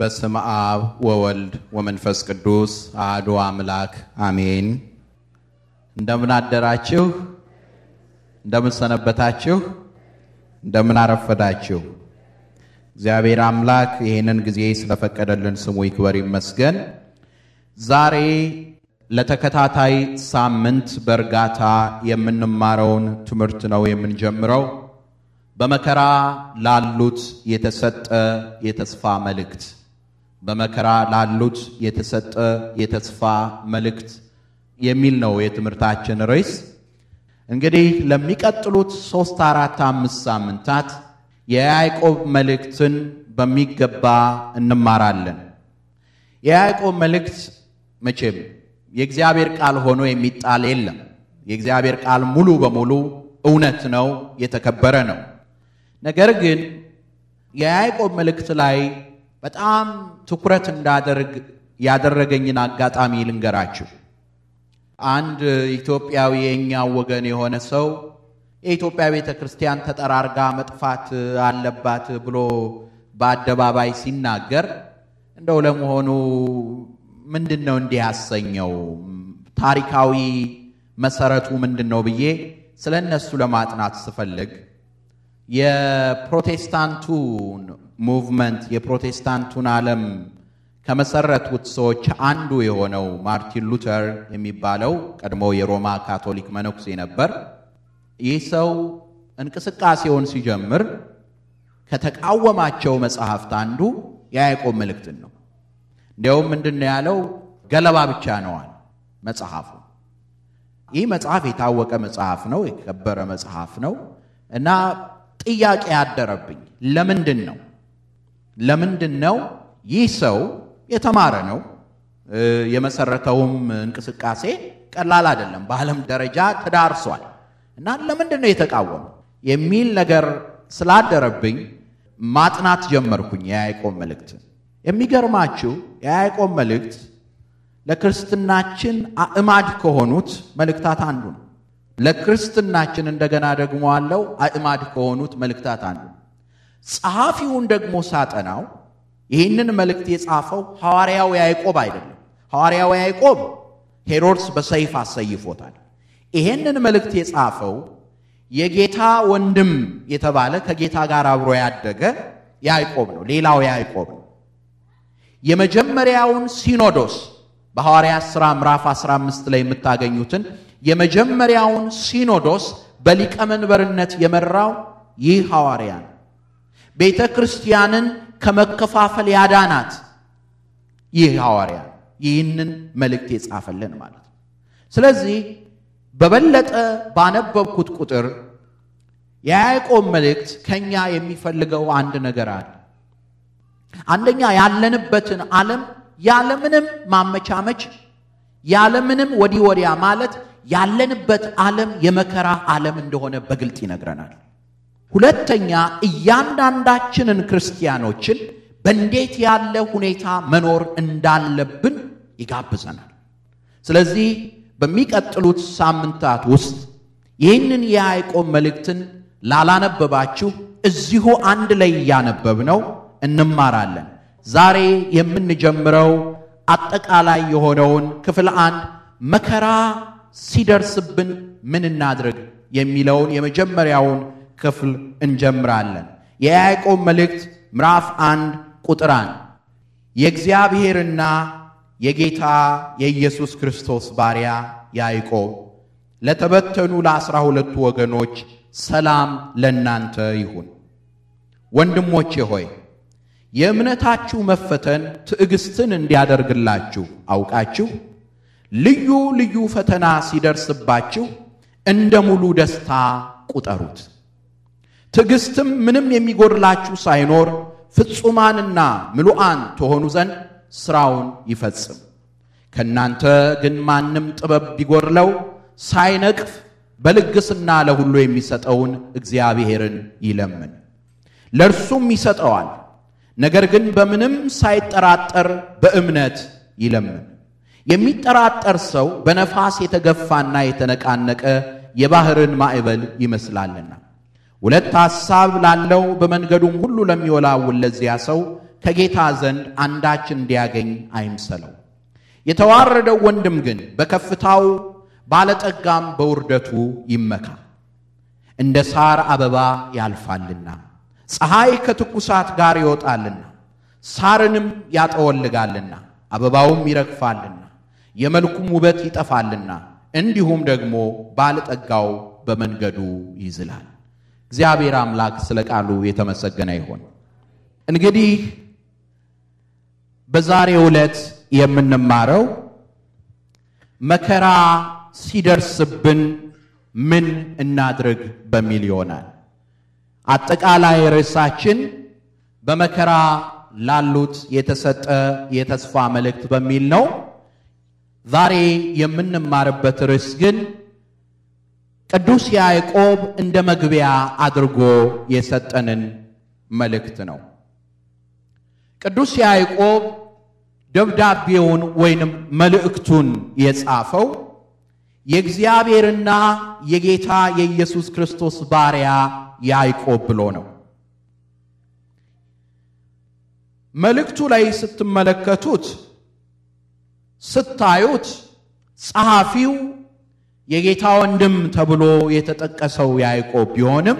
በስም አብ ወወልድ ወመንፈስ ቅዱስ አሐዱ አምላክ አሜን። እንደምን አደራችሁ? እንደምን ሰነበታችሁ? እንደምን አረፈዳችሁ? እግዚአብሔር አምላክ ይህንን ጊዜ ስለፈቀደልን ስሙ ይክበር ይመስገን። ዛሬ ለተከታታይ ሳምንት በእርጋታ የምንማረውን ትምህርት ነው የምንጀምረው። በመከራ ላሉት የተሰጠ የተስፋ መልእክት በመከራ ላሉት የተሰጠ የተስፋ መልእክት የሚል ነው የትምህርታችን ርዕስ። እንግዲህ ለሚቀጥሉት ሦስት አራት አምስት ሳምንታት የያዕቆብ መልእክትን በሚገባ እንማራለን። የያዕቆብ መልእክት መቼም የእግዚአብሔር ቃል ሆኖ የሚጣል የለም። የእግዚአብሔር ቃል ሙሉ በሙሉ እውነት ነው፣ የተከበረ ነው። ነገር ግን የያዕቆብ መልእክት ላይ በጣም ትኩረት እንዳደርግ ያደረገኝን አጋጣሚ ልንገራችሁ። አንድ ኢትዮጵያዊ የእኛው ወገን የሆነ ሰው የኢትዮጵያ ቤተ ክርስቲያን ተጠራርጋ መጥፋት አለባት ብሎ በአደባባይ ሲናገር እንደው ለመሆኑ ምንድን ነው እንዲህ ያሰኘው? ታሪካዊ መሰረቱ ምንድን ነው ብዬ ስለ እነሱ ለማጥናት ስፈልግ የፕሮቴስታንቱ ሙቭመንት የፕሮቴስታንቱን ዓለም ከመሰረቱት ሰዎች አንዱ የሆነው ማርቲን ሉተር የሚባለው ቀድሞ የሮማ ካቶሊክ መነኩሴ ነበር። ይህ ሰው እንቅስቃሴውን ሲጀምር ከተቃወማቸው መጽሐፍት አንዱ የያዕቆብ መልእክትን ነው። እንዲያውም ምንድን ነው ያለው? ገለባ ብቻ ነዋል መጽሐፉ። ይህ መጽሐፍ የታወቀ መጽሐፍ ነው፣ የከበረ መጽሐፍ ነው እና ጥያቄ ያደረብኝ ለምንድን ነው ለምንድን ነው ይህ ሰው የተማረ ነው፣ የመሰረተውም እንቅስቃሴ ቀላል አይደለም፣ በዓለም ደረጃ ተዳርሷል እና ለምንድን ነው የተቃወመ የሚል ነገር ስላደረብኝ ማጥናት ጀመርኩኝ የያዕቆብ መልእክት። የሚገርማችሁ የያዕቆብ መልእክት ለክርስትናችን አእማድ ከሆኑት መልእክታት አንዱ ነው። ለክርስትናችን እንደገና ደግሞ አለው አእማድ ከሆኑት መልእክታት አንዱ ነው። ጸሐፊውን ደግሞ ሳጠናው ይህንን መልእክት የጻፈው ሐዋርያው ያዕቆብ አይደለም። ሐዋርያው ያዕቆብ ሄሮድስ በሰይፍ አሰይፎታል። ይህንን መልእክት የጻፈው የጌታ ወንድም የተባለ ከጌታ ጋር አብሮ ያደገ ያዕቆብ ነው። ሌላው ያዕቆብ ነው። የመጀመሪያውን ሲኖዶስ በሐዋርያት ሥራ ምዕራፍ 15 ላይ የምታገኙትን የመጀመሪያውን ሲኖዶስ በሊቀመንበርነት የመራው ይህ ሐዋርያ ነው። ቤተ ክርስቲያንን ከመከፋፈል ያዳናት ይህ ሐዋርያ ይህንን መልእክት የጻፈልን ማለት ነው። ስለዚህ በበለጠ ባነበብኩት ቁጥር የያዕቆብ መልእክት ከኛ የሚፈልገው አንድ ነገር አለ። አንደኛ ያለንበትን ዓለም ያለምንም ማመቻመች ያለምንም ወዲህ ወዲያ ማለት ያለንበት ዓለም የመከራ ዓለም እንደሆነ በግልጥ ይነግረናል። ሁለተኛ እያንዳንዳችንን ክርስቲያኖችን በእንዴት ያለ ሁኔታ መኖር እንዳለብን ይጋብዘናል። ስለዚህ በሚቀጥሉት ሳምንታት ውስጥ ይህንን የያዕቆብ መልእክትን ላላነበባችሁ እዚሁ አንድ ላይ እያነበብነው እንማራለን። ዛሬ የምንጀምረው አጠቃላይ የሆነውን ክፍል አንድ መከራ ሲደርስብን ምን እናድርግ የሚለውን የመጀመሪያውን ክፍል እንጀምራለን። የያዕቆብ መልእክት ምዕራፍ አንድ ቁጥር አንድ የእግዚአብሔርና የጌታ የኢየሱስ ክርስቶስ ባሪያ ያዕቆብ ለተበተኑ ለአስራ ሁለቱ ወገኖች ሰላም ለእናንተ ይሁን። ወንድሞቼ ሆይ የእምነታችሁ መፈተን ትዕግስትን እንዲያደርግላችሁ አውቃችሁ ልዩ ልዩ ፈተና ሲደርስባችሁ እንደ ሙሉ ደስታ ቁጠሩት። ትዕግሥትም ምንም የሚጎድላችሁ ሳይኖር ፍጹማንና ምሉአን ትሆኑ ዘንድ ሥራውን ይፈጽም። ከእናንተ ግን ማንም ጥበብ ቢጎድለው ሳይነቅፍ በልግስና ለሁሉ የሚሰጠውን እግዚአብሔርን ይለምን፣ ለእርሱም ይሰጠዋል። ነገር ግን በምንም ሳይጠራጠር በእምነት ይለምን። የሚጠራጠር ሰው በነፋስ የተገፋና የተነቃነቀ የባሕርን ማዕበል ይመስላልና ሁለት ሐሳብ ላለው በመንገዱም ሁሉ ለሚወላውል ለዚያ ሰው ከጌታ ዘንድ አንዳች እንዲያገኝ አይምሰለው። የተዋረደው ወንድም ግን በከፍታው ባለጠጋም በውርደቱ ይመካ። እንደ ሳር አበባ ያልፋልና ፀሐይ ከትኩሳት ጋር ይወጣልና ሳርንም ያጠወልጋልና አበባውም ይረግፋልና የመልኩም ውበት ይጠፋልና እንዲሁም ደግሞ ባለጠጋው በመንገዱ ይዝላል። እግዚአብሔር አምላክ ስለ ቃሉ የተመሰገነ ይሁን። እንግዲህ በዛሬው ዕለት የምንማረው መከራ ሲደርስብን ምን እናድርግ በሚል ይሆናል። አጠቃላይ ርዕሳችን በመከራ ላሉት የተሰጠ የተስፋ መልእክት በሚል ነው። ዛሬ የምንማርበት ርዕስ ግን ቅዱስ ያዕቆብ እንደ መግቢያ አድርጎ የሰጠንን መልእክት ነው። ቅዱስ ያዕቆብ ደብዳቤውን ወይንም መልእክቱን የጻፈው የእግዚአብሔርና የጌታ የኢየሱስ ክርስቶስ ባሪያ ያዕቆብ ብሎ ነው። መልእክቱ ላይ ስትመለከቱት ስታዩት ጸሐፊው የጌታ ወንድም ተብሎ የተጠቀሰው ያዕቆብ ቢሆንም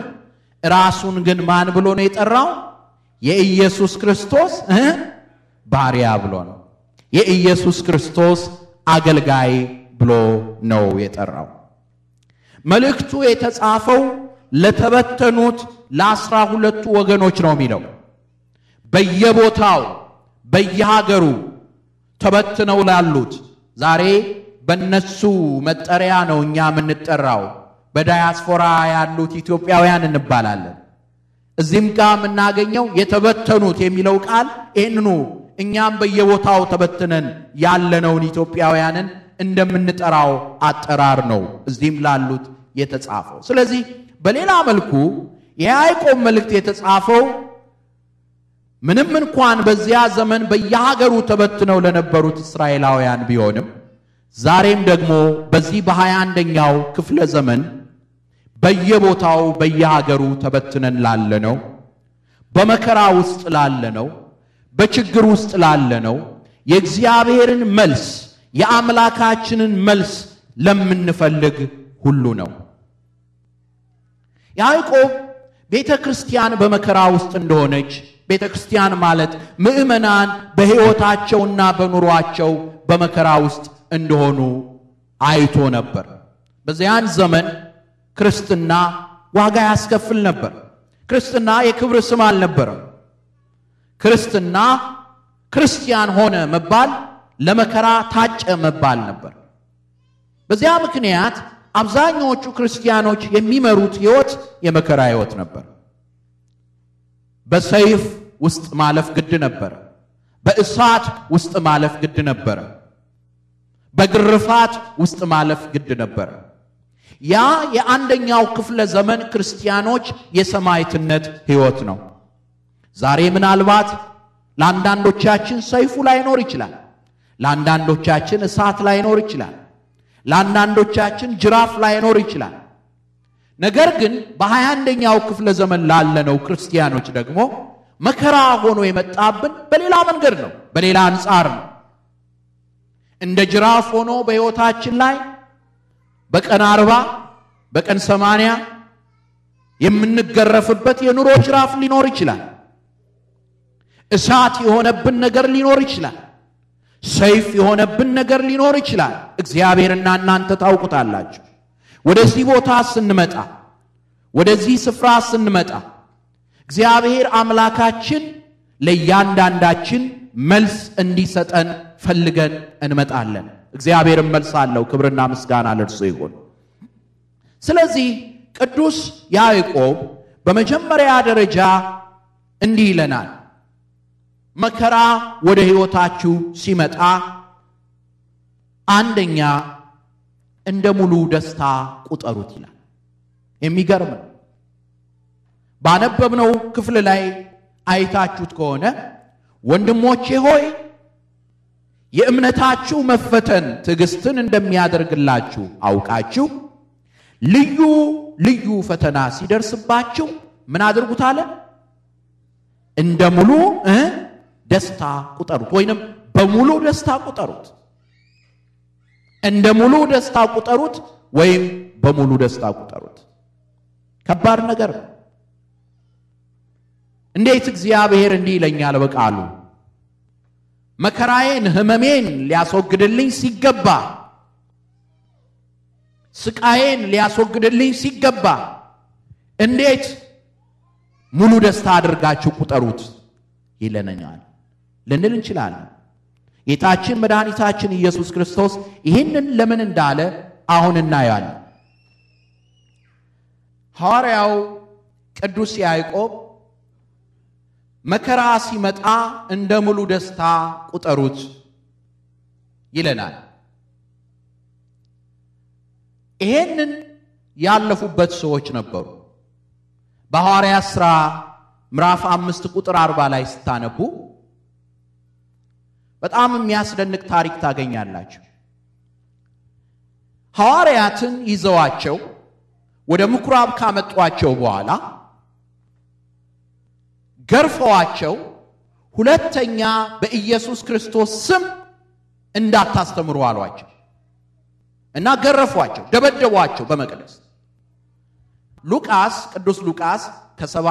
ራሱን ግን ማን ብሎ ነው የጠራው? የኢየሱስ ክርስቶስ ባሪያ ብሎ ነው። የኢየሱስ ክርስቶስ አገልጋይ ብሎ ነው የጠራው። መልእክቱ የተጻፈው ለተበተኑት ለአስራ ሁለቱ ወገኖች ነው የሚለው። በየቦታው በየሀገሩ ተበትነው ላሉት ዛሬ በነሱ መጠሪያ ነው እኛ የምንጠራው። በዳያስፖራ ያሉት ኢትዮጵያውያን እንባላለን። እዚህም ጋ የምናገኘው የተበተኑት የሚለው ቃል ይህንኑ እኛም በየቦታው ተበትነን ያለነውን ኢትዮጵያውያንን እንደምንጠራው አጠራር ነው እዚህም ላሉት የተጻፈው። ስለዚህ በሌላ መልኩ የያዕቆብ መልእክት የተጻፈው ምንም እንኳን በዚያ ዘመን በየሀገሩ ተበትነው ለነበሩት እስራኤላውያን ቢሆንም ዛሬም ደግሞ በዚህ በሃያ አንደኛው ክፍለ ዘመን በየቦታው በየሀገሩ ተበትነን ላለነው በመከራ ውስጥ ላለነው በችግር ውስጥ ላለነው የእግዚአብሔርን መልስ የአምላካችንን መልስ ለምንፈልግ ሁሉ ነው። ያዕቆብ ቤተ ክርስቲያን በመከራ ውስጥ እንደሆነች ቤተ ክርስቲያን ማለት ምዕመናን በሕይወታቸውና በኑሯቸው በመከራ ውስጥ እንደሆኑ አይቶ ነበር። በዚያን ዘመን ክርስትና ዋጋ ያስከፍል ነበር። ክርስትና የክብር ስም አልነበረም። ክርስትና ክርስቲያን ሆነ መባል ለመከራ ታጨ መባል ነበር። በዚያ ምክንያት አብዛኛዎቹ ክርስቲያኖች የሚመሩት ሕይወት የመከራ ሕይወት ነበር። በሰይፍ ውስጥ ማለፍ ግድ ነበረ። በእሳት ውስጥ ማለፍ ግድ ነበረ። በግርፋት ውስጥ ማለፍ ግድ ነበር። ያ የአንደኛው ክፍለ ዘመን ክርስቲያኖች የሰማዕትነት ሕይወት ነው። ዛሬ ምናልባት ለአንዳንዶቻችን ሰይፉ ላይኖር ይችላል። ለአንዳንዶቻችን እሳት ላይኖር ይችላል። ለአንዳንዶቻችን ጅራፍ ላይኖር ይችላል። ነገር ግን በሃያ አንደኛው ክፍለ ዘመን ላለነው ክርስቲያኖች ደግሞ መከራ ሆኖ የመጣብን በሌላ መንገድ ነው፣ በሌላ አንጻር ነው። እንደ ጅራፍ ሆኖ በሕይወታችን ላይ በቀን አርባ በቀን ሰማንያ የምንገረፍበት የኑሮ ጅራፍ ሊኖር ይችላል። እሳት የሆነብን ነገር ሊኖር ይችላል። ሰይፍ የሆነብን ነገር ሊኖር ይችላል። እግዚአብሔርና እናንተ ታውቁታላችሁ። ወደዚህ ቦታ ስንመጣ፣ ወደዚህ ስፍራ ስንመጣ እግዚአብሔር አምላካችን ለእያንዳንዳችን መልስ እንዲሰጠን ፈልገን እንመጣለን። እግዚአብሔር እመልሳለሁ። ክብርና ምስጋና ለርሱ ይሁን። ስለዚህ ቅዱስ ያዕቆብ በመጀመሪያ ደረጃ እንዲህ ይለናል፣ መከራ ወደ ሕይወታችሁ ሲመጣ አንደኛ እንደ ሙሉ ደስታ ቁጠሩት ይላል። የሚገርም ነው። ባነበብነው ክፍል ላይ አይታችሁት ከሆነ ወንድሞቼ ሆይ የእምነታችሁ መፈተን ትዕግስትን እንደሚያደርግላችሁ አውቃችሁ ልዩ ልዩ ፈተና ሲደርስባችሁ ምን አድርጉት አለ? እንደ ሙሉ ደስታ ቁጠሩት፣ ወይንም በሙሉ ደስታ ቁጠሩት። እንደ ሙሉ ደስታ ቁጠሩት ወይም በሙሉ ደስታ ቁጠሩት። ከባድ ነገር ነው። እንዴት እግዚአብሔር እንዲህ ይለኛል በቃሉ መከራዬን ህመሜን ሊያስወግድልኝ ሲገባ ስቃዬን ሊያስወግድልኝ ሲገባ እንዴት ሙሉ ደስታ አድርጋችሁ ቁጠሩት ይለነኛል ልንል እንችላለን። ጌታችን መድኃኒታችን ኢየሱስ ክርስቶስ ይህንን ለምን እንዳለ አሁን እናያለን። ሐዋርያው ቅዱስ ያዕቆብ መከራ ሲመጣ እንደ ሙሉ ደስታ ቁጠሩት ይለናል። ይሄንን ያለፉበት ሰዎች ነበሩ። በሐዋርያ ሥራ ምዕራፍ አምስት ቁጥር አርባ ላይ ስታነቡ በጣም የሚያስደንቅ ታሪክ ታገኛላችሁ። ሐዋርያትን ይዘዋቸው ወደ ምኩራብ ካመጧቸው በኋላ ገርፈዋቸው ሁለተኛ በኢየሱስ ክርስቶስ ስም እንዳታስተምሩ አሏቸው እና ገረፏቸው፣ ደበደቧቸው በመቅደስ። ሉቃስ ቅዱስ ሉቃስ ከሰባ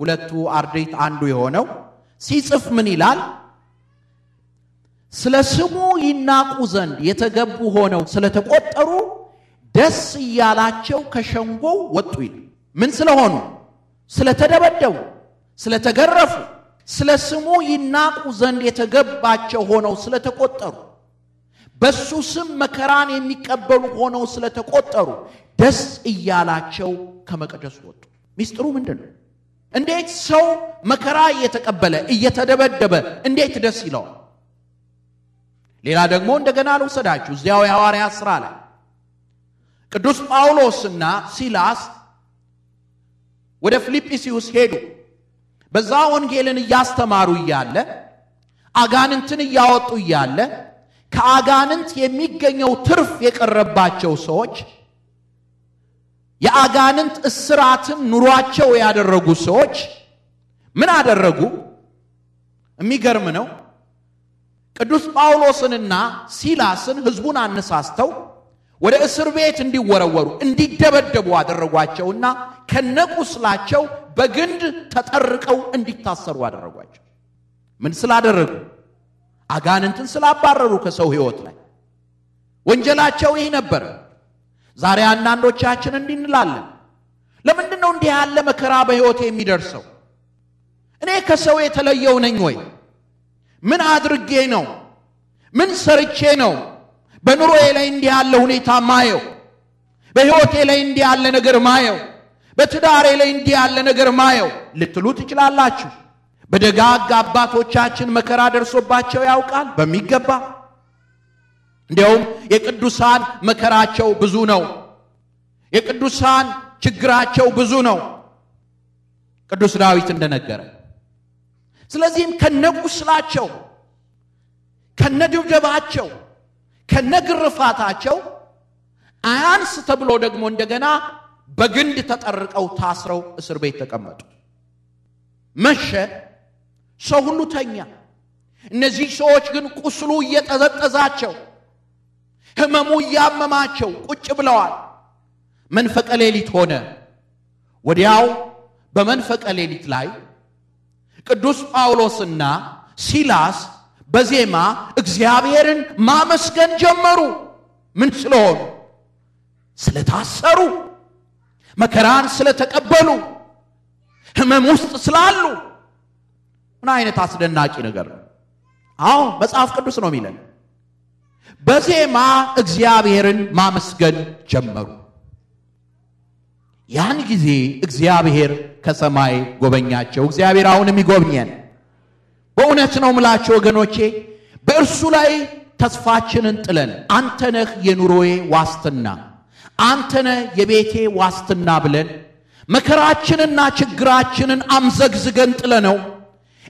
ሁለቱ አርድእት አንዱ የሆነው ሲጽፍ ምን ይላል? ስለ ስሙ ይናቁ ዘንድ የተገቡ ሆነው ስለተቆጠሩ ደስ እያላቸው ከሸንጎው ወጡ ይል ምን ስለሆኑ ስለተደበደቡ ስለተገረፉ ስለ ስሙ ይናቁ ዘንድ የተገባቸው ሆነው ስለተቆጠሩ በሱ ስም መከራን የሚቀበሉ ሆነው ስለተቆጠሩ ደስ እያላቸው ከመቅደስ ወጡ። ሚስጥሩ ምንድን ነው? እንዴት ሰው መከራ እየተቀበለ እየተደበደበ እንዴት ደስ ይለዋል? ሌላ ደግሞ እንደገና ልውሰዳችሁ እዚያው የሐዋርያ ሥራ ላይ ቅዱስ ጳውሎስና ሲላስ ወደ ፊልጵስዩስ ሄዱ። በዛ ወንጌልን እያስተማሩ እያለ አጋንንትን እያወጡ እያለ ከአጋንንት የሚገኘው ትርፍ የቀረባቸው ሰዎች የአጋንንት እስራትን ኑሯቸው ያደረጉ ሰዎች ምን አደረጉ? የሚገርም ነው። ቅዱስ ጳውሎስንና ሲላስን ሕዝቡን አነሳስተው ወደ እስር ቤት እንዲወረወሩ እንዲደበደቡ አደረጓቸውና ከነቁስላቸው በግንድ ተጠርቀው እንዲታሰሩ አደረጓቸው። ምን ስላደረጉ? አጋንንትን ስላባረሩ ከሰው ሕይወት ላይ ወንጀላቸው ይህ ነበረ። ዛሬ አንዳንዶቻችን እንዲህ እንላለን፣ ለምንድን ነው እንዲህ ያለ መከራ በሕይወት የሚደርሰው? እኔ ከሰው የተለየው ነኝ ወይ? ምን አድርጌ ነው? ምን ሰርቼ ነው በኑሮዬ ላይ እንዲህ ያለ ሁኔታ ማየው? በሕይወቴ ላይ እንዲህ ያለ ነገር ማየው? በትዳሬ ላይ እንዲህ ያለ ነገር ማየው ልትሉ ትችላላችሁ። በደጋግ አባቶቻችን መከራ ደርሶባቸው ያውቃል በሚገባ እንዲያውም የቅዱሳን መከራቸው ብዙ ነው። የቅዱሳን ችግራቸው ብዙ ነው፣ ቅዱስ ዳዊት እንደነገረ። ስለዚህም ከነቁስላቸው፣ ከነድብደባቸው፣ ከነግርፋታቸው አያንስ ተብሎ ደግሞ እንደገና በግንድ ተጠርቀው ታስረው እስር ቤት ተቀመጡ። መሸ፣ ሰው ሁሉ ተኛ። እነዚህ ሰዎች ግን ቁስሉ እየጠዘጠዛቸው፣ ህመሙ እያመማቸው ቁጭ ብለዋል። መንፈቀ ሌሊት ሆነ። ወዲያው በመንፈቀ ሌሊት ላይ ቅዱስ ጳውሎስና ሲላስ በዜማ እግዚአብሔርን ማመስገን ጀመሩ። ምን ስለሆኑ? ስለታሰሩ መከራን ስለተቀበሉ ህመም ውስጥ ስላሉ ምን አይነት አስደናቂ ነገር ነው! አዎ መጽሐፍ ቅዱስ ነው የሚለን። በዜማ እግዚአብሔርን ማመስገን ጀመሩ። ያን ጊዜ እግዚአብሔር ከሰማይ ጎበኛቸው። እግዚአብሔር አሁንም ይጎብኘን። በእውነት ነው ምላቸው ወገኖቼ፣ በእርሱ ላይ ተስፋችንን ጥለን አንተ ነህ የኑሮዬ ዋስትና አንተነ የቤቴ ዋስትና ብለን መከራችንና ችግራችንን አምዘግዝገን ጥለነው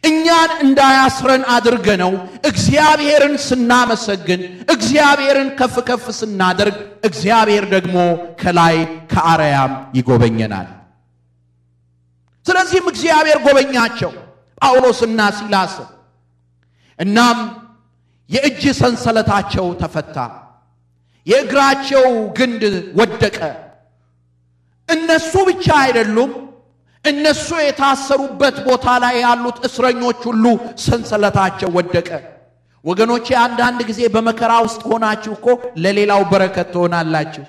እኛን እንዳያስረን አድርገነው እግዚአብሔርን ስናመሰግን እግዚአብሔርን ከፍ ከፍ ስናደርግ እግዚአብሔር ደግሞ ከላይ ከአርያም ይጎበኘናል። ስለዚህም እግዚአብሔር ጎበኛቸው ጳውሎስና ሲላስ። እናም የእጅ ሰንሰለታቸው ተፈታ። የእግራቸው ግንድ ወደቀ። እነሱ ብቻ አይደሉም፣ እነሱ የታሰሩበት ቦታ ላይ ያሉት እስረኞች ሁሉ ሰንሰለታቸው ወደቀ። ወገኖቼ አንዳንድ ጊዜ በመከራ ውስጥ ሆናችሁ እኮ ለሌላው በረከት ትሆናላችሁ።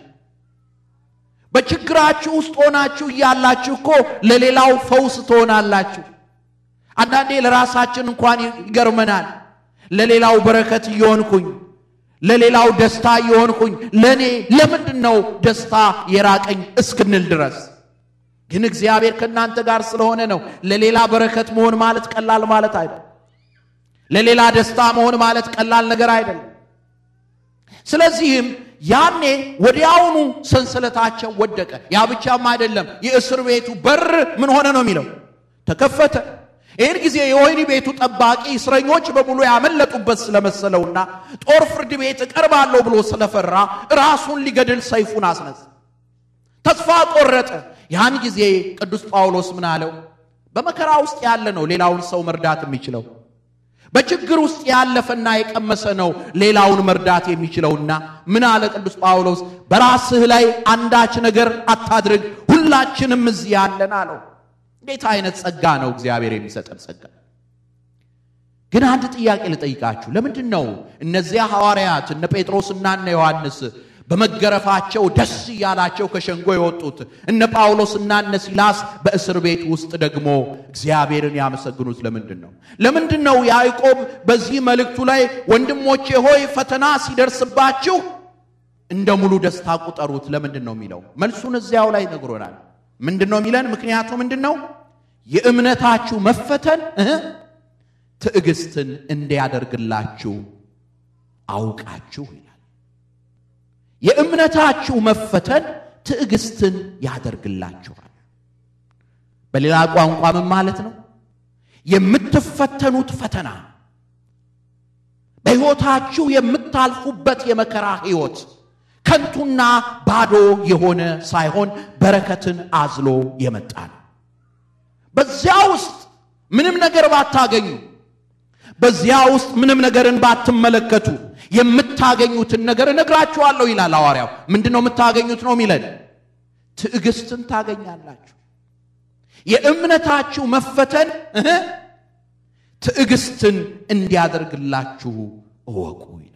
በችግራችሁ ውስጥ ሆናችሁ እያላችሁ እኮ ለሌላው ፈውስ ትሆናላችሁ። አንዳንዴ ለራሳችን እንኳን ይገርመናል። ለሌላው በረከት እየሆንኩኝ ለሌላው ደስታ የሆንኩኝ ለእኔ ለምንድን ነው ደስታ የራቀኝ እስክንል ድረስ ግን እግዚአብሔር ከእናንተ ጋር ስለሆነ ነው። ለሌላ በረከት መሆን ማለት ቀላል ማለት አይደለም። ለሌላ ደስታ መሆን ማለት ቀላል ነገር አይደለም። ስለዚህም ያኔ ወዲያውኑ ሰንሰለታቸው ወደቀ። ያ ብቻም አይደለም፣ የእስር ቤቱ በር ምን ሆነ ነው የሚለው ተከፈተ። ይህን ጊዜ የወይኒ ቤቱ ጠባቂ እስረኞች በሙሉ ያመለጡበት ስለመሰለውና ጦር ፍርድ ቤት እቀርባለሁ ብሎ ስለፈራ ራሱን ሊገድል ሰይፉን አስነሳ። ተስፋ ቆረጠ። ያን ጊዜ ቅዱስ ጳውሎስ ምን አለው? በመከራ ውስጥ ያለ ነው ሌላውን ሰው መርዳት የሚችለው በችግር ውስጥ ያለፈና የቀመሰ ነው ሌላውን መርዳት የሚችለውና ምን አለ ቅዱስ ጳውሎስ? በራስህ ላይ አንዳች ነገር አታድርግ፣ ሁላችንም እዚህ ያለን አለው። እንዴት አይነት ጸጋ ነው እግዚአብሔር የሚሰጠን ጸጋ? ግን አንድ ጥያቄ ልጠይቃችሁ። ለምንድን ነው እነዚያ ሐዋርያት እነ ጴጥሮስና እነ ዮሐንስ በመገረፋቸው ደስ እያላቸው ከሸንጎ የወጡት? እነ ጳውሎስና እነ ሲላስ በእስር ቤት ውስጥ ደግሞ እግዚአብሔርን ያመሰግኑት ለምንድን ነው? ለምንድን ነው ያዕቆብ በዚህ መልእክቱ ላይ ወንድሞቼ ሆይ ፈተና ሲደርስባችሁ እንደ ሙሉ ደስታ ቁጠሩት ለምንድን ነው የሚለው? መልሱን እዚያው ላይ ነግሮናል። ምንድን ነው የሚለን? ምክንያቱ ምንድን ነው? የእምነታችሁ መፈተን ትዕግስትን እንዲያደርግላችሁ አውቃችሁ ይላል። የእምነታችሁ መፈተን ትዕግስትን ያደርግላችኋል። በሌላ ቋንቋ ምን ማለት ነው? የምትፈተኑት ፈተና በሕይወታችሁ የምታልፉበት የመከራ ሕይወት ከንቱና ባዶ የሆነ ሳይሆን በረከትን አዝሎ የመጣ ነው። በዚያ ውስጥ ምንም ነገር ባታገኙ፣ በዚያ ውስጥ ምንም ነገርን ባትመለከቱ የምታገኙትን ነገር እነግራችኋለሁ ይላል ሐዋርያው። ምንድን ነው የምታገኙት ነው የሚለን? ትዕግስትን ታገኛላችሁ። የእምነታችሁ መፈተን ትዕግስትን እንዲያደርግላችሁ እወቁ ይላል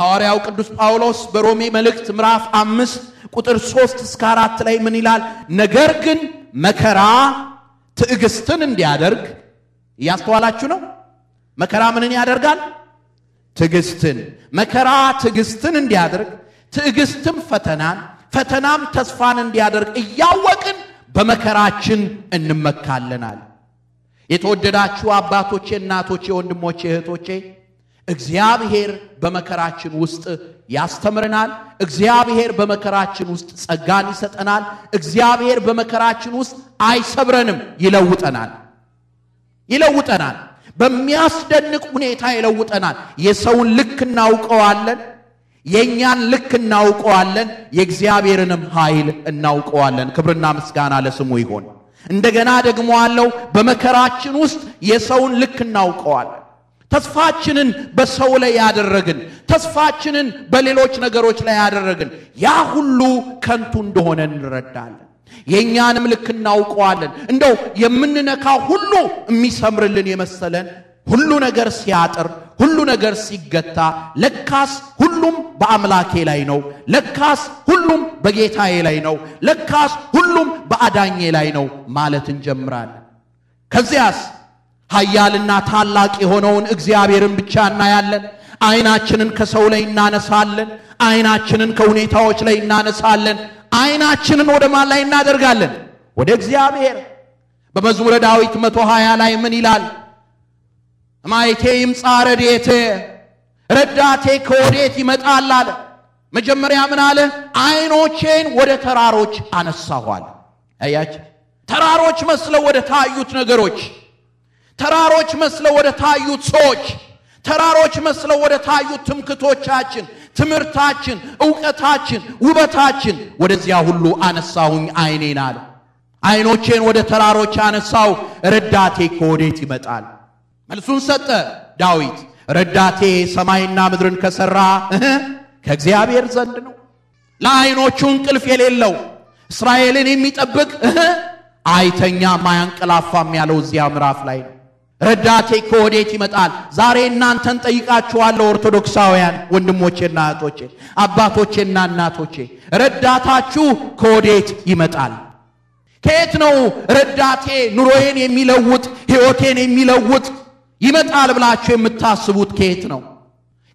ሐዋርያው ቅዱስ ጳውሎስ በሮሜ መልእክት ምዕራፍ አምስት ቁጥር ሦስት እስከ አራት ላይ ምን ይላል? ነገር ግን መከራ ትዕግስትን እንዲያደርግ እያስተዋላችሁ ነው። መከራ ምንን ያደርጋል? ትዕግስትን። መከራ ትዕግስትን እንዲያደርግ፣ ትዕግስትም ፈተናን፣ ፈተናም ተስፋን እንዲያደርግ እያወቅን በመከራችን እንመካለናል። የተወደዳችሁ አባቶቼ፣ እናቶቼ፣ ወንድሞቼ፣ እህቶቼ እግዚአብሔር በመከራችን ውስጥ ያስተምረናል። እግዚአብሔር በመከራችን ውስጥ ጸጋን ይሰጠናል። እግዚአብሔር በመከራችን ውስጥ አይሰብረንም፣ ይለውጠናል ይለውጠናል። በሚያስደንቅ ሁኔታ ይለውጠናል። የሰውን ልክ እናውቀዋለን፣ የእኛን ልክ እናውቀዋለን፣ የእግዚአብሔርንም ኃይል እናውቀዋለን። ክብርና ምስጋና ለስሙ ይሆን። እንደገና ደግሞ አለው በመከራችን ውስጥ የሰውን ልክ እናውቀዋለን ተስፋችንን በሰው ላይ ያደረግን፣ ተስፋችንን በሌሎች ነገሮች ላይ ያደረግን፣ ያ ሁሉ ከንቱ እንደሆነ እንረዳለን። የእኛንም ልክ እናውቀዋለን። እንደው የምንነካ ሁሉ የሚሰምርልን የመሰለን ሁሉ ነገር ሲያጥር፣ ሁሉ ነገር ሲገታ፣ ለካስ ሁሉም በአምላኬ ላይ ነው፣ ለካስ ሁሉም በጌታዬ ላይ ነው፣ ለካስ ሁሉም በአዳኜ ላይ ነው ማለት እንጀምራለን። ከዚያስ ኃያልና ታላቅ የሆነውን እግዚአብሔርን ብቻ እናያለን። አይናችንን ከሰው ላይ እናነሳለን። አይናችንን ከሁኔታዎች ላይ እናነሳለን። አይናችንን ወደ ማን ላይ እናደርጋለን? ወደ እግዚአብሔር። በመዝሙረ ዳዊት መቶ ሀያ ላይ ምን ይላል? ማይቴ ይምጻ ረድኤቴ፣ ረዳቴ ከወዴት ይመጣል አለ። መጀመሪያ ምን አለ? አይኖቼን ወደ ተራሮች አነሳኋል። አያች ተራሮች መስለው ወደ ታዩት ነገሮች ተራሮች መስለው ወደ ታዩት ሰዎች ተራሮች መስለው ወደ ታዩት ትምክቶቻችን፣ ትምህርታችን፣ እውቀታችን፣ ውበታችን ወደዚያ ሁሉ አነሳሁኝ አይኔ አለ። አይኖቼን ወደ ተራሮች አነሳው፣ ረዳቴ ከወዴት ይመጣል? መልሱን ሰጠ ዳዊት፣ ረዳቴ ሰማይና ምድርን ከሠራ ከእግዚአብሔር ዘንድ ነው። ለአይኖቹ እንቅልፍ የሌለው እስራኤልን የሚጠብቅ አይተኛም አያንቀላፋም ያለው እዚያ ምዕራፍ ላይ ነው። ረዳቴ ከወዴት ይመጣል? ዛሬ እናንተን ጠይቃችኋለሁ፣ ኦርቶዶክሳውያን ወንድሞቼና እህቶቼ፣ አባቶቼና እናቶቼ፣ ረዳታችሁ ከወዴት ይመጣል? ከየት ነው ረዳቴ ኑሮዬን የሚለውጥ ሕይወቴን የሚለውጥ ይመጣል ብላችሁ የምታስቡት ከየት ነው?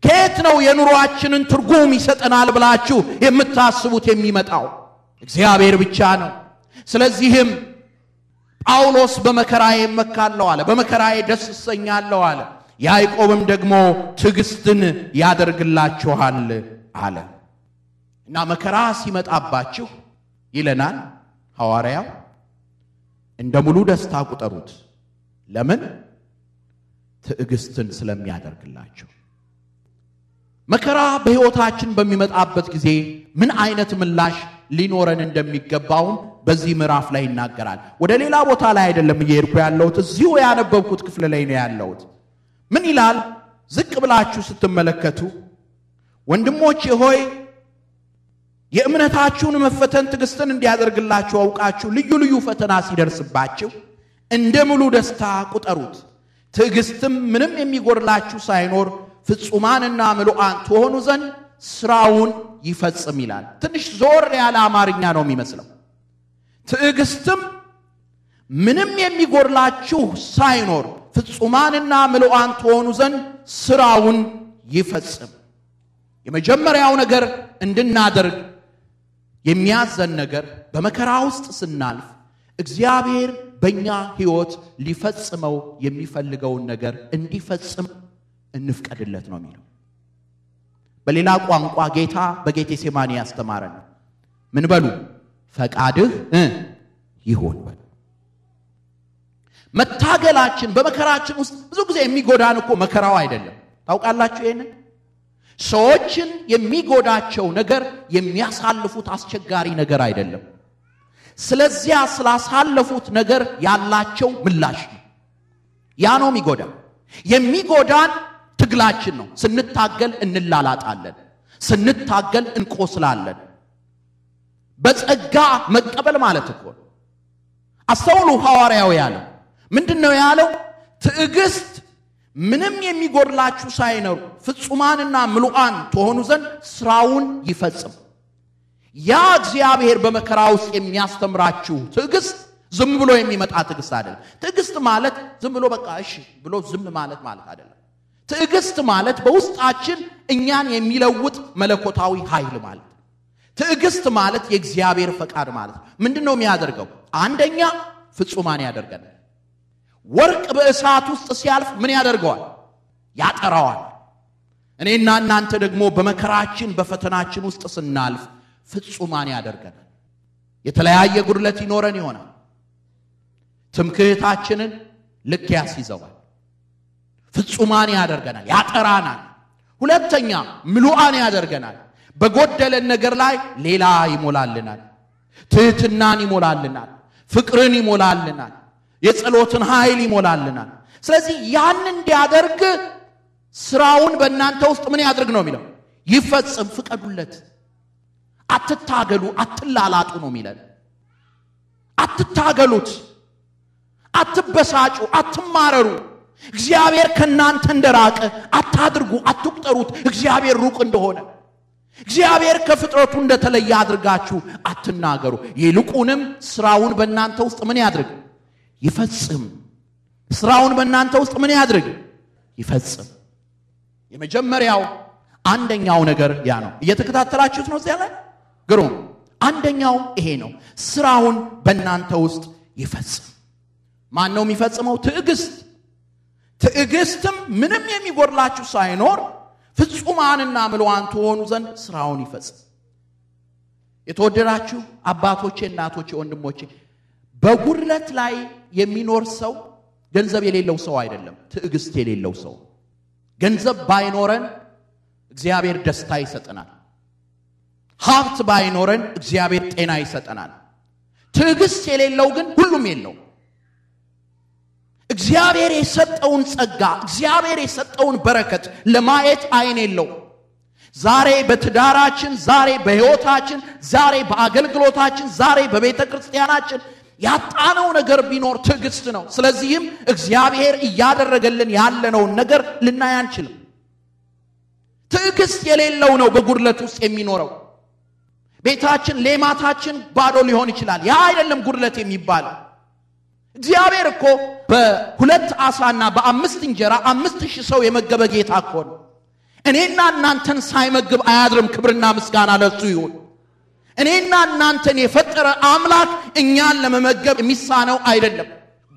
ከየት ነው የኑሮአችንን ትርጉም ይሰጠናል ብላችሁ የምታስቡት የሚመጣው? እግዚአብሔር ብቻ ነው። ስለዚህም ጳውሎስ በመከራዬ እመካለሁ አለ። በመከራዬ ደስ እሰኛለሁ አለ። ያዕቆብም ደግሞ ትዕግስትን ያደርግላችኋል አለ እና መከራ ሲመጣባችሁ ይለናል ሐዋርያው እንደ ሙሉ ደስታ ቁጠሩት። ለምን? ትዕግስትን ስለሚያደርግላችሁ። መከራ በሕይወታችን በሚመጣበት ጊዜ ምን አይነት ምላሽ ሊኖረን እንደሚገባውን? በዚህ ምዕራፍ ላይ ይናገራል። ወደ ሌላ ቦታ ላይ አይደለም እየሄድኩ ያለሁት፣ እዚሁ ያነበብኩት ክፍል ላይ ነው ያለሁት። ምን ይላል? ዝቅ ብላችሁ ስትመለከቱ ወንድሞቼ ሆይ የእምነታችሁን መፈተን ትዕግስትን እንዲያደርግላችሁ አውቃችሁ ልዩ ልዩ ፈተና ሲደርስባችሁ እንደ ሙሉ ደስታ ቁጠሩት። ትዕግስትም ምንም የሚጎድላችሁ ሳይኖር ፍጹማንና ምሉዓን ትሆኑ ዘንድ ስራውን ይፈጽም ይላል። ትንሽ ዞር ያለ አማርኛ ነው የሚመስለው ትዕግስትም ምንም የሚጎድላችሁ ሳይኖር ፍጹማንና ምልዋን ትሆኑ ዘንድ ሥራውን ይፈጽም። የመጀመሪያው ነገር እንድናደርግ የሚያዘን ነገር በመከራ ውስጥ ስናልፍ እግዚአብሔር በእኛ ሕይወት ሊፈጽመው የሚፈልገውን ነገር እንዲፈጽም እንፍቀድለት ነው የሚለው። በሌላ ቋንቋ ጌታ በጌቴ ሴማኒ ያስተማረን ምን በሉ ፈቃድህ ይሁን በል። መታገላችን በመከራችን ውስጥ ብዙ ጊዜ የሚጎዳን እኮ መከራው አይደለም። ታውቃላችሁ ይሄንን ሰዎችን የሚጎዳቸው ነገር የሚያሳልፉት አስቸጋሪ ነገር አይደለም። ስለዚያ ስላሳለፉት ነገር ያላቸው ምላሽ ነው። ያ ነው የሚጎዳ። የሚጎዳን ትግላችን ነው። ስንታገል እንላላጣለን፣ ስንታገል እንቆስላለን። በጸጋ መቀበል ማለት እኮ አስተውሉ። ሐዋርያው ያለው ምንድን ነው ያለው? ትዕግስት ምንም የሚጎድላችሁ ሳይኖር ፍጹማንና ምሉዓን ተሆኑ ዘንድ ስራውን ይፈጽም። ያ እግዚአብሔር በመከራ ውስጥ የሚያስተምራችሁ ትዕግስት ዝም ብሎ የሚመጣ ትዕግስት አይደለም። ትዕግስት ማለት ዝም ብሎ በቃ እሺ ብሎ ዝም ማለት ማለት አይደለም። ትዕግስት ማለት በውስጣችን እኛን የሚለውጥ መለኮታዊ ኃይል ማለት ትዕግስት ማለት የእግዚአብሔር ፈቃድ ማለት ነው። ምንድን ነው የሚያደርገው? አንደኛ ፍጹማን ያደርገናል። ወርቅ በእሳት ውስጥ ሲያልፍ ምን ያደርገዋል? ያጠራዋል። እኔና እናንተ ደግሞ በመከራችን በፈተናችን ውስጥ ስናልፍ ፍጹማን ያደርገናል። የተለያየ ጉድለት ይኖረን ይሆናል። ትምክህታችንን ልክ ያስይዘዋል። ፍጹማን ያደርገናል፣ ያጠራናል። ሁለተኛ ምሉዓን ያደርገናል። በጎደለን ነገር ላይ ሌላ ይሞላልናል። ትህትናን ይሞላልናል። ፍቅርን ይሞላልናል። የጸሎትን ኃይል ይሞላልናል። ስለዚህ ያን እንዲያደርግ ስራውን በእናንተ ውስጥ ምን ያድርግ ነው የሚለው? ይፈጽም፣ ፍቀዱለት። አትታገሉ፣ አትላላጡ ነው የሚለን። አትታገሉት፣ አትበሳጩ፣ አትማረሩ። እግዚአብሔር ከእናንተ እንደራቀ አታድርጉ፣ አትቁጠሩት እግዚአብሔር ሩቅ እንደሆነ እግዚአብሔር ከፍጥረቱ እንደተለየ አድርጋችሁ አትናገሩ። ይልቁንም ስራውን በእናንተ ውስጥ ምን ያድርግ? ይፈጽም። ስራውን በእናንተ ውስጥ ምን ያድርግ? ይፈጽም። የመጀመሪያው አንደኛው ነገር ያ ነው። እየተከታተላችሁት ነው። እዚያ ላይ ግሩም። አንደኛው ይሄ ነው። ስራውን በእናንተ ውስጥ ይፈጽም። ማን ነው የሚፈጽመው? ትዕግስት። ትዕግስትም ምንም የሚጎድላችሁ ሳይኖር ፍጹማንና ምልዋን ትሆኑ ዘንድ ስራውን ይፈጽም። የተወደዳችሁ አባቶቼ፣ እናቶቼ፣ ወንድሞቼ በጉድለት ላይ የሚኖር ሰው ገንዘብ የሌለው ሰው አይደለም፣ ትዕግስት የሌለው ሰው። ገንዘብ ባይኖረን እግዚአብሔር ደስታ ይሰጠናል። ሀብት ባይኖረን እግዚአብሔር ጤና ይሰጠናል። ትዕግስት የሌለው ግን ሁሉም የለው። እግዚአብሔር የሰጠውን ጸጋ እግዚአብሔር የሰጠውን በረከት ለማየት አይን የለው። ዛሬ በትዳራችን፣ ዛሬ በሕይወታችን፣ ዛሬ በአገልግሎታችን፣ ዛሬ በቤተ ክርስቲያናችን ያጣነው ነገር ቢኖር ትዕግስት ነው። ስለዚህም እግዚአብሔር እያደረገልን ያለነውን ነገር ልናይ አንችልም። ትዕግስት የሌለው ነው በጉድለት ውስጥ የሚኖረው። ቤታችን፣ ሌማታችን ባዶ ሊሆን ይችላል። ያ አይደለም ጉድለት የሚባለው እግዚአብሔር እኮ በሁለት አሳና በአምስት እንጀራ አምስት ሺህ ሰው የመገበ ጌታ እኮ ነው። እኔና እናንተን ሳይመግብ አያድርም። ክብርና ምስጋና ለሱ ይሁን። እኔና እናንተን የፈጠረ አምላክ እኛን ለመመገብ የሚሳነው አይደለም።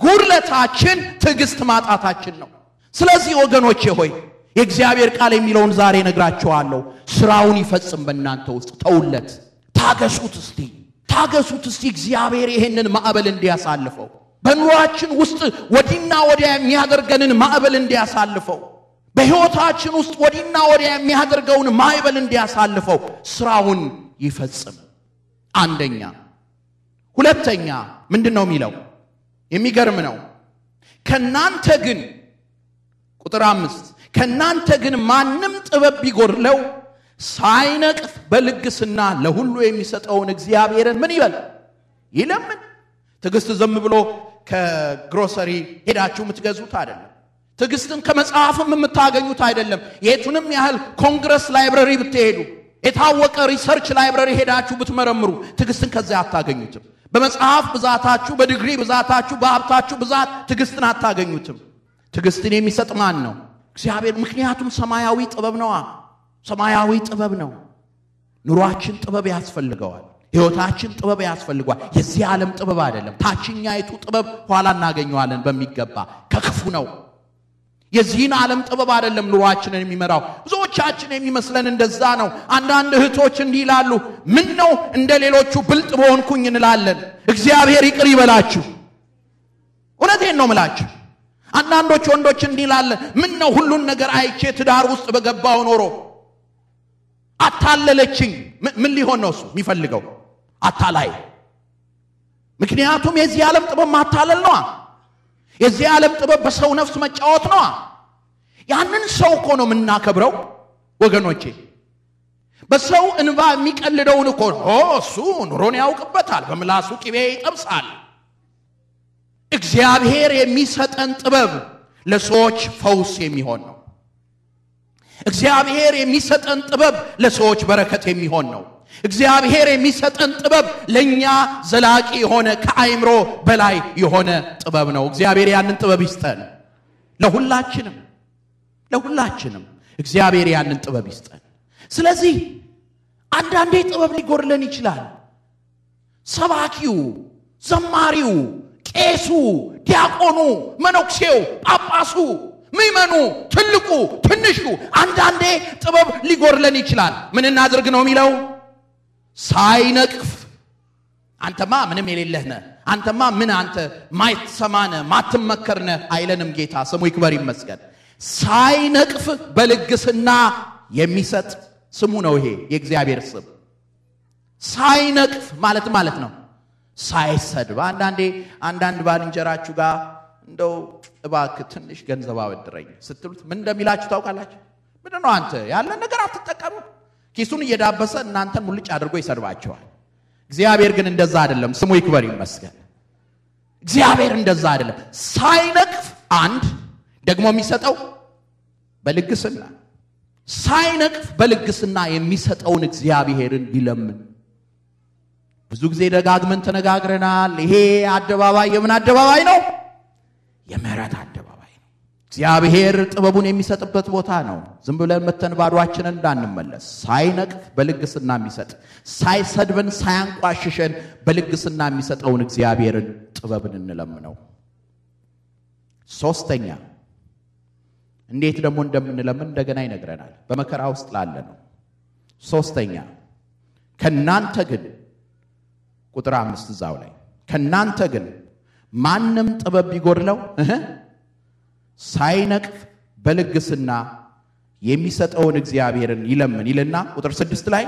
ጉድለታችን ትዕግስት ማጣታችን ነው። ስለዚህ ወገኖቼ ሆይ የእግዚአብሔር ቃል የሚለውን ዛሬ ነግራችኋለሁ። ስራውን ይፈጽም በእናንተ ውስጥ ተውለት፣ ታገሱት። እስቲ ታገሱት እስቲ እግዚአብሔር ይህንን ማዕበል እንዲያሳልፈው በኑሯችን ውስጥ ወዲና ወዲያ የሚያደርገንን ማዕበል እንዲያሳልፈው በሕይወታችን ውስጥ ወዲና ወዲያ የሚያደርገውን ማዕበል እንዲያሳልፈው ስራውን ይፈጽም። አንደኛ። ሁለተኛ ምንድን ነው የሚለው? የሚገርም ነው። ከናንተ ግን ቁጥር አምስት ከናንተ ግን ማንም ጥበብ ቢጎድለው ሳይነቅፍ በልግስና ለሁሉ የሚሰጠውን እግዚአብሔርን ምን ይበል? ይለምን። ትዕግስት ዝም ብሎ ከግሮሰሪ ሄዳችሁ የምትገዙት አይደለም። ትዕግስትን ከመጽሐፍም የምታገኙት አይደለም። የቱንም ያህል ኮንግረስ ላይብረሪ ብትሄዱ፣ የታወቀ ሪሰርች ላይብረሪ ሄዳችሁ ብትመረምሩ ትዕግስትን ከዚያ አታገኙትም። በመጽሐፍ ብዛታችሁ፣ በዲግሪ ብዛታችሁ፣ በሀብታችሁ ብዛት ትዕግስትን አታገኙትም። ትዕግስትን የሚሰጥ ማን ነው? እግዚአብሔር። ምክንያቱም ሰማያዊ ጥበብ ነዋ። ሰማያዊ ጥበብ ነው። ኑሯችን ጥበብ ያስፈልገዋል። ሕይወታችን ጥበብ ያስፈልጓል። የዚህ ዓለም ጥበብ አይደለም። ታችኛይቱ ጥበብ ኋላ እናገኘዋለን በሚገባ ከክፉ ነው። የዚህን ዓለም ጥበብ አይደለም ኑሯችንን የሚመራው። ብዙዎቻችን የሚመስለን እንደዛ ነው። አንዳንድ እህቶች እንዲህ ይላሉ፣ ምን ነው እንደ ሌሎቹ ብልጥ በሆንኩኝ እንላለን። እግዚአብሔር ይቅር ይበላችሁ። እውነቴን ነው ምላችሁ። አንዳንዶች ወንዶች እንዲህ ይላለን፣ ምን ነው ሁሉን ነገር አይቼ ትዳር ውስጥ በገባው ኖሮ አታለለችኝ። ምን ሊሆን ነው እሱ የሚፈልገው? አታላይ። ምክንያቱም የዚህ ዓለም ጥበብ ማታለል ነዋ። የዚህ ዓለም ጥበብ በሰው ነፍስ መጫወት ነዋ። ያንን ሰው እኮ ነው የምናከብረው ወገኖቼ። በሰው እንባ የሚቀልደውን እኮ እሱ ኑሮን ያውቅበታል፣ በምላሱ ቅቤ ይጠብሳል። እግዚአብሔር የሚሰጠን ጥበብ ለሰዎች ፈውስ የሚሆን ነው። እግዚአብሔር የሚሰጠን ጥበብ ለሰዎች በረከት የሚሆን ነው። እግዚአብሔር የሚሰጠን ጥበብ ለእኛ ዘላቂ የሆነ ከአይምሮ በላይ የሆነ ጥበብ ነው። እግዚአብሔር ያንን ጥበብ ይስጠን ለሁላችንም ለሁላችንም እግዚአብሔር ያንን ጥበብ ይስጠን። ስለዚህ አንዳንዴ ጥበብ ሊጎድለን ይችላል። ሰባኪው፣ ዘማሪው፣ ቄሱ፣ ዲያቆኑ፣ መነኩሴው፣ ጳጳሱ፣ ምዕመኑ፣ ትልቁ፣ ትንሹ አንዳንዴ ጥበብ ሊጎድለን ይችላል። ምን እናድርግ ነው የሚለው ሳይነቅፍ አንተማ ምንም የሌለህ አንተማ ምን አንተ ማይትሰማነ ማትመከርነ አይለንም ጌታ። ስሙ ይክበር ይመስገን። ሳይነቅፍ በልግስና የሚሰጥ ስሙ ነው። ይሄ የእግዚአብሔር ስም ሳይነቅፍ ማለት ማለት ነው። ሳይሰድብ አንዳንዴ አንዳንድ ባልንጀራችሁ ጋር እንደው እባክ ትንሽ ገንዘብ አበድረኝ ስትሉት ምን እንደሚላችሁ ታውቃላችሁ? ምንድነው አንተ ያለን ነገር አትጠቀምም ኪሱን እየዳበሰ እናንተን ሙልጭ አድርጎ ይሰድባቸዋል። እግዚአብሔር ግን እንደዛ አይደለም። ስሙ ይክበር ይመስገን። እግዚአብሔር እንደዛ አይደለም። ሳይነቅፍ አንድ ደግሞ የሚሰጠው በልግስና ሳይነቅፍ በልግስና የሚሰጠውን እግዚአብሔርን ይለምን። ብዙ ጊዜ ደጋግመን ተነጋግረናል። ይሄ አደባባይ የምን አደባባይ ነው? የምህረት አደባባይ እግዚአብሔር ጥበቡን የሚሰጥበት ቦታ ነው። ዝም ብለን መተን ባዷችንን እንዳንመለስ፣ ሳይነቅፍ በልግስና የሚሰጥ ሳይሰድበን፣ ሳያንቋሽሸን በልግስና የሚሰጠውን እግዚአብሔርን ጥበብን እንለምነው። ሶስተኛ እንዴት ደግሞ እንደምንለምን እንደገና ይነግረናል። በመከራ ውስጥ ላለ ነው። ሶስተኛ ከናንተ ግን ቁጥር አምስት እዛው ላይ ከናንተ ግን ማንም ጥበብ ቢጎድለው ሳይነቅፍ በልግስና የሚሰጠውን እግዚአብሔርን ይለምን ይልና ቁጥር ስድስት ላይ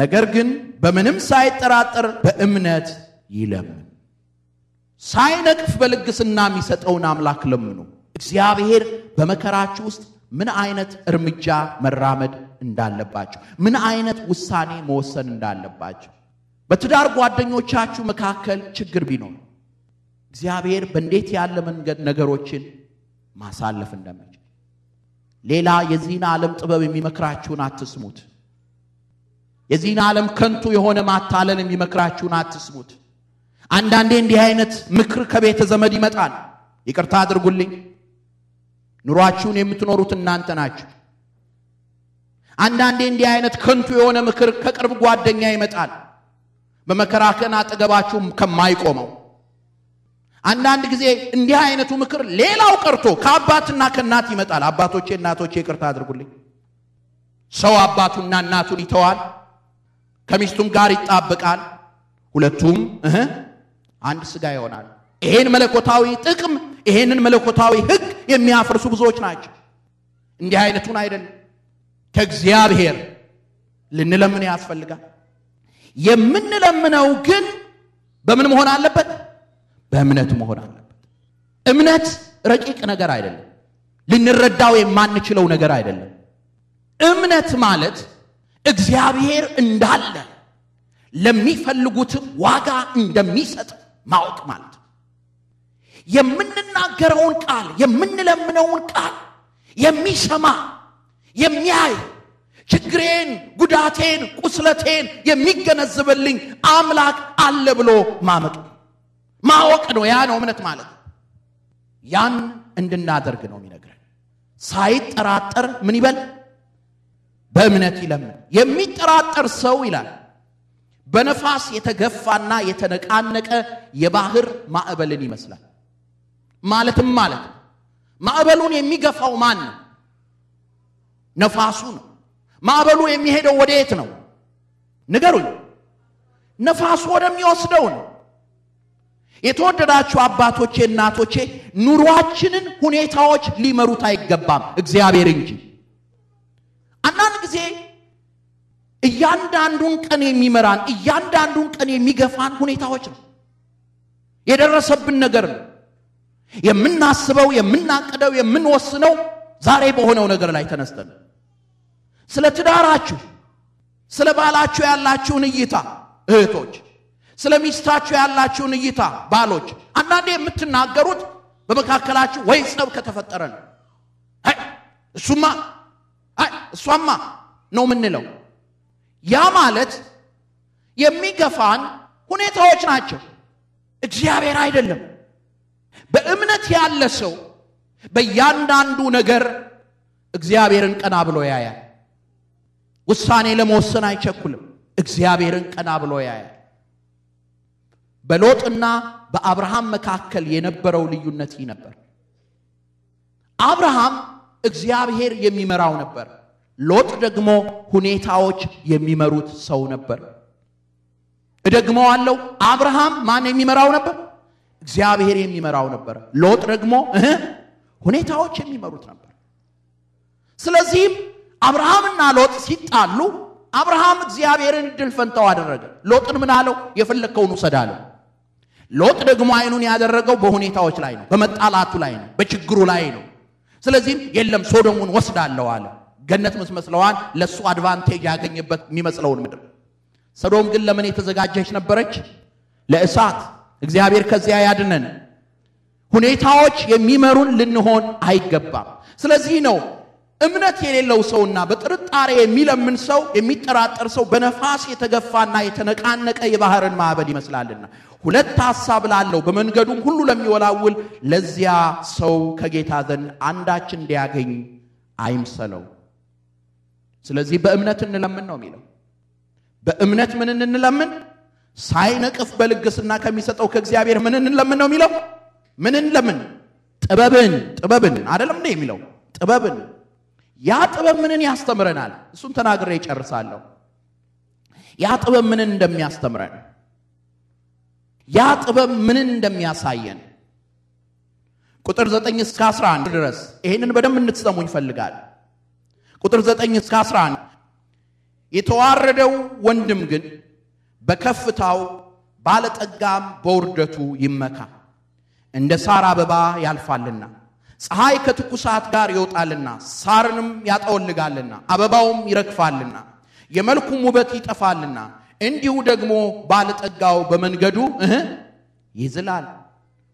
ነገር ግን በምንም ሳይጠራጠር በእምነት ይለምን። ሳይነቅፍ በልግስና የሚሰጠውን አምላክ ለምኑ። እግዚአብሔር በመከራችሁ ውስጥ ምን አይነት እርምጃ መራመድ እንዳለባቸው፣ ምን አይነት ውሳኔ መወሰን እንዳለባቸው፣ በትዳር ጓደኞቻችሁ መካከል ችግር ቢኖር እግዚአብሔር በእንዴት ያለ መንገድ ነገሮችን ማሳለፍ እንደሚችል ሌላ የዚህን ዓለም ጥበብ የሚመክራችሁን አትስሙት። የዚህን ዓለም ከንቱ የሆነ ማታለል የሚመክራችሁን አትስሙት። አንዳንዴ እንዲህ አይነት ምክር ከቤተ ዘመድ ይመጣል። ይቅርታ አድርጉልኝ፣ ኑሯችሁን የምትኖሩት እናንተ ናችሁ። አንዳንዴ እንዲህ አይነት ከንቱ የሆነ ምክር ከቅርብ ጓደኛ ይመጣል፣ በመከራ ቀን አጠገባችሁ ከማይቆመው አንዳንድ ጊዜ እንዲህ አይነቱ ምክር ሌላው ቀርቶ ከአባትና ከእናት ይመጣል። አባቶቼ እናቶቼ ይቅርታ አድርጉልኝ። ሰው አባቱና እናቱን ይተዋል፣ ከሚስቱም ጋር ይጣበቃል፣ ሁለቱም እህ አንድ ስጋ ይሆናል። ይሄን መለኮታዊ ጥቅም ይሄንን መለኮታዊ ሕግ የሚያፈርሱ ብዙዎች ናቸው። እንዲህ አይነቱን አይደለም ከእግዚአብሔር ልንለምን ያስፈልጋል። የምንለምነው ግን በምን መሆን አለበት? በእምነት መሆን አለበት። እምነት ረቂቅ ነገር አይደለም፣ ልንረዳው የማንችለው ነገር አይደለም። እምነት ማለት እግዚአብሔር እንዳለ ለሚፈልጉትም ዋጋ እንደሚሰጥ ማወቅ ማለት ነው። የምንናገረውን ቃል የምንለምነውን ቃል የሚሰማ የሚያይ ችግሬን፣ ጉዳቴን፣ ቁስለቴን የሚገነዝብልኝ አምላክ አለ ብሎ ማመቅ ማወቅ ነው። ያ ነው እምነት ማለት። ያን እንድናደርግ ነው የሚነግረን። ሳይጠራጠር ምን ይበል? በእምነት ይለምን። የሚጠራጠር ሰው ይላል በነፋስ የተገፋና የተነቃነቀ የባህር ማዕበልን ይመስላል። ማለትም ማለት ነው ማዕበሉን የሚገፋው ማን ነው? ነፋሱ ነው። ማዕበሉ የሚሄደው ወደ የት ነው? ንገሩኝ። ነፋሱ ወደሚወስደው ነው። የተወደዳችሁ አባቶቼ፣ እናቶቼ ኑሯችንን ሁኔታዎች ሊመሩት አይገባም፣ እግዚአብሔር እንጂ። አንዳንድ ጊዜ እያንዳንዱን ቀን የሚመራን እያንዳንዱን ቀን የሚገፋን ሁኔታዎች ነው፣ የደረሰብን ነገር ነው። የምናስበው የምናቅደው፣ የምንወስነው ዛሬ በሆነው ነገር ላይ ተነስተን ስለ ትዳራችሁ ስለ ባላችሁ ያላችሁን እይታ እህቶች ስለ ሚስታችሁ ያላችሁን እይታ ባሎች፣ አንዳንዴ የምትናገሩት በመካከላችሁ ወይ ጸብ ከተፈጠረ ነው። አይ እሱማ፣ አይ እሷማ ነው የምንለው። ያ ማለት የሚገፋን ሁኔታዎች ናቸው፣ እግዚአብሔር አይደለም። በእምነት ያለ ሰው በእያንዳንዱ ነገር እግዚአብሔርን ቀና ብሎ ያያል። ውሳኔ ለመወሰን አይቸኩልም። እግዚአብሔርን ቀና ብሎ ያያል። በሎጥና በአብርሃም መካከል የነበረው ልዩነት ይህ ነበር። አብርሃም እግዚአብሔር የሚመራው ነበር። ሎጥ ደግሞ ሁኔታዎች የሚመሩት ሰው ነበር። እደግመዋለሁ፣ አብርሃም ማን የሚመራው ነበር? እግዚአብሔር የሚመራው ነበር። ሎጥ ደግሞ ሁኔታዎች የሚመሩት ነበር። ስለዚህም አብርሃምና ሎጥ ሲጣሉ አብርሃም እግዚአብሔርን እድል ፈንታው አደረገ። ሎጥን ምን አለው? የፈለግከውን ውሰድ አለው። ሎጥ ደግሞ አይኑን ያደረገው በሁኔታዎች ላይ ነው፣ በመጣላቱ ላይ ነው፣ በችግሩ ላይ ነው። ስለዚህም የለም ሶዶሙን ወስዳለሁ አለ። ገነት ምስመስለዋን ለእሱ አድቫንቴጅ ያገኝበት የሚመስለውን ምድር። ሶዶም ግን ለምን የተዘጋጀች ነበረች? ለእሳት። እግዚአብሔር ከዚያ ያድነን። ሁኔታዎች የሚመሩን ልንሆን አይገባም። ስለዚህ ነው እምነት የሌለው ሰውና በጥርጣሬ የሚለምን ሰው የሚጠራጠር ሰው በነፋስ የተገፋና የተነቃነቀ የባህርን ማዕበል ይመስላልና ሁለት ሐሳብ ላለው በመንገዱም ሁሉ ለሚወላውል ለዚያ ሰው ከጌታ ዘንድ አንዳች እንዲያገኝ አይምሰለው። ስለዚህ በእምነት እንለምን ነው የሚለው። በእምነት ምን እንለምን? ሳይነቅፍ በልግስና ከሚሰጠው ከእግዚአብሔር ምን እንለምን ነው የሚለው። ምን እንለምን? ጥበብን ጥበብን አይደለም እንዴ የሚለው ጥበብን። ያ ጥበብ ምንን ያስተምረናል? እሱን ተናግሬ ይጨርሳለሁ። ያ ጥበብ ምንን እንደሚያስተምረን ያ ጥበብ ምንን እንደሚያሳየን ቁጥር 9 እስከ 11 ድረስ ይህንን በደንብ እንድትሰሙ ይፈልጋል። ቁጥር 9 እስከ 11 የተዋረደው ወንድም ግን በከፍታው ባለጠጋም በውርደቱ ይመካ፣ እንደ ሳር አበባ ያልፋልና ፀሐይ ከትኩሳት ጋር ይወጣልና ሳርንም ያጠወልጋልና አበባውም ይረግፋልና የመልኩም ውበት ይጠፋልና እንዲሁ ደግሞ ባለጠጋው በመንገዱ ይዝላል።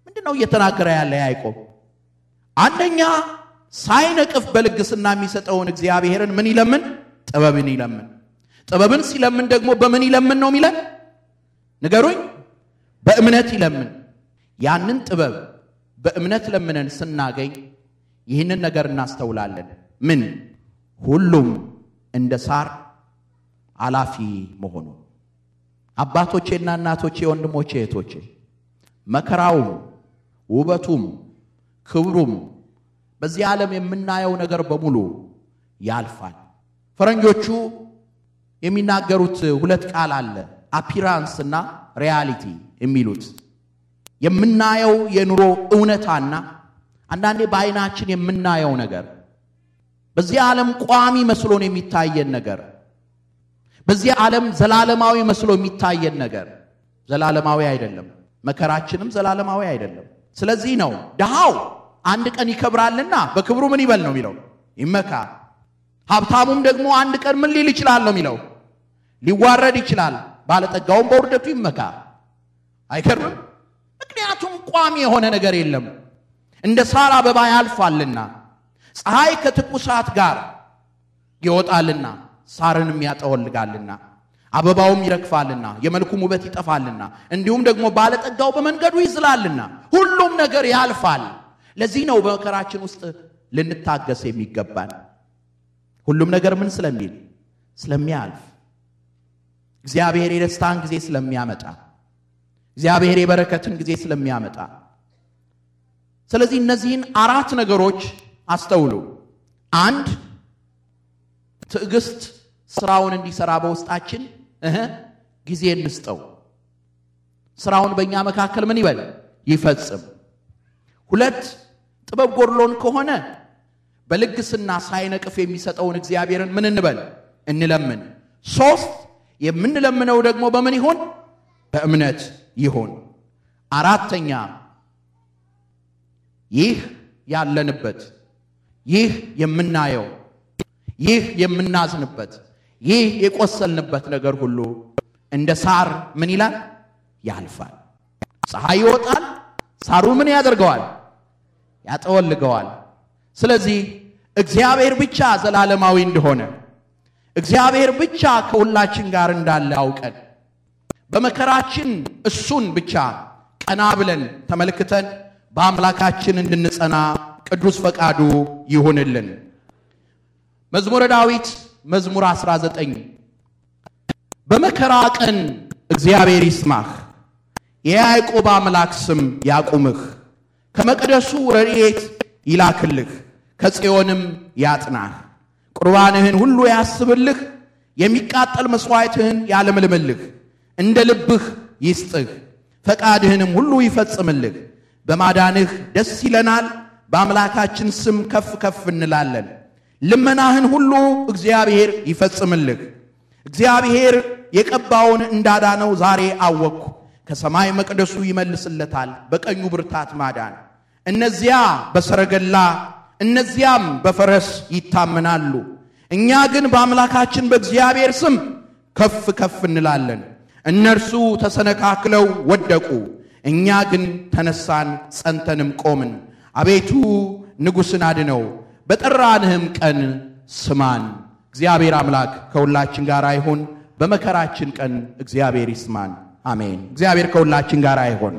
ምንድን ነው እየተናገረ ያለ ያዕቆብ? አንደኛ ሳይነቅፍ በልግስና የሚሰጠውን እግዚአብሔርን ምን ይለምን? ጥበብን ይለምን። ጥበብን ሲለምን ደግሞ በምን ይለምን ነው የሚለን? ንገሩኝ። በእምነት ይለምን። ያንን ጥበብ በእምነት ለምነን ስናገኝ ይህንን ነገር እናስተውላለን። ምን ሁሉም እንደ ሳር አላፊ መሆኑን? አባቶቼና እናቶቼ፣ ወንድሞቼ፣ እህቶቼ መከራውም ውበቱም ክብሩም በዚህ ዓለም የምናየው ነገር በሙሉ ያልፋል። ፈረንጆቹ የሚናገሩት ሁለት ቃል አለ፣ አፒራንስ እና ሪያሊቲ የሚሉት የምናየው የኑሮ እውነታና አንዳንዴ በዓይናችን የምናየው ነገር በዚህ ዓለም ቋሚ መስሎን የሚታየን ነገር በዚህ ዓለም ዘላለማዊ መስሎ የሚታየን ነገር ዘላለማዊ አይደለም። መከራችንም ዘላለማዊ አይደለም። ስለዚህ ነው ድሃው አንድ ቀን ይከብራልና በክብሩ ምን ይበል ነው የሚለው ይመካ። ሀብታሙም ደግሞ አንድ ቀን ምን ሊል ይችላል ነው የሚለው ሊዋረድ ይችላል። ባለጠጋውም በውርደቱ ይመካ። አይከርምም። ምክንያቱም ቋሚ የሆነ ነገር የለም። እንደ ሳር አበባ ያልፋልና ፀሐይ ከትኩሳት ጋር ይወጣልና ሳርንም ያጠወልጋልና አበባውም ይረግፋልና የመልኩም ውበት ይጠፋልና እንዲሁም ደግሞ ባለጠጋው በመንገዱ ይዝላልና ሁሉም ነገር ያልፋል። ለዚህ ነው በመከራችን ውስጥ ልንታገስ የሚገባን ሁሉም ነገር ምን ስለሚል ስለሚያልፍ እግዚአብሔር የደስታን ጊዜ ስለሚያመጣ እግዚአብሔር የበረከትን ጊዜ ስለሚያመጣ። ስለዚህ እነዚህን አራት ነገሮች አስተውሉ። አንድ ትዕግስት ስራውን እንዲሰራ በውስጣችን እህ ጊዜ እንስጠው። ስራውን በእኛ መካከል ምን ይበል ይፈጽም። ሁለት ጥበብ ጎድሎን ከሆነ በልግስና ሳይነቅፍ የሚሰጠውን እግዚአብሔርን ምን እንበል እንለምን። ሶስት የምንለምነው ደግሞ በምን ይሆን? በእምነት ይሆን። አራተኛ ይህ ያለንበት ይህ የምናየው ይህ የምናዝንበት ይህ የቆሰልንበት ነገር ሁሉ እንደ ሳር ምን ይላል? ያልፋል። ፀሐይ ይወጣል፣ ሳሩ ምን ያደርገዋል? ያጠወልገዋል። ስለዚህ እግዚአብሔር ብቻ ዘላለማዊ እንደሆነ እግዚአብሔር ብቻ ከሁላችን ጋር እንዳለ አውቀን በመከራችን እሱን ብቻ ቀና ብለን ተመልክተን በአምላካችን እንድንጸና ቅዱስ ፈቃዱ ይሁንልን። መዝሙረ ዳዊት መዝሙር 19 በመከራ ቀን እግዚአብሔር ይስማህ፣ የያዕቆብ አምላክ ስም ያቁምህ፣ ከመቅደሱ ረድኤት ይላክልህ፣ ከጽዮንም ያጥናህ፣ ቁርባንህን ሁሉ ያስብልህ፣ የሚቃጠል መሥዋዕትህን ያለምልምልህ፣ እንደ ልብህ ይስጥህ፣ ፈቃድህንም ሁሉ ይፈጽምልህ። በማዳንህ ደስ ይለናል፣ በአምላካችን ስም ከፍ ከፍ እንላለን። ልመናህን ሁሉ እግዚአብሔር ይፈጽምልህ። እግዚአብሔር የቀባውን እንዳዳነው ዛሬ አወቅኩ። ከሰማይ መቅደሱ ይመልስለታል በቀኙ ብርታት ማዳን። እነዚያ በሰረገላ እነዚያም በፈረስ ይታመናሉ፣ እኛ ግን በአምላካችን በእግዚአብሔር ስም ከፍ ከፍ እንላለን። እነርሱ ተሰነካክለው ወደቁ፣ እኛ ግን ተነሳን፣ ጸንተንም ቆምን። አቤቱ ንጉሥን አድነው በጠራንህም ቀን ስማን። እግዚአብሔር አምላክ ከሁላችን ጋር አይሁን። በመከራችን ቀን እግዚአብሔር ይስማን። አሜን። እግዚአብሔር ከሁላችን ጋር አይሆን።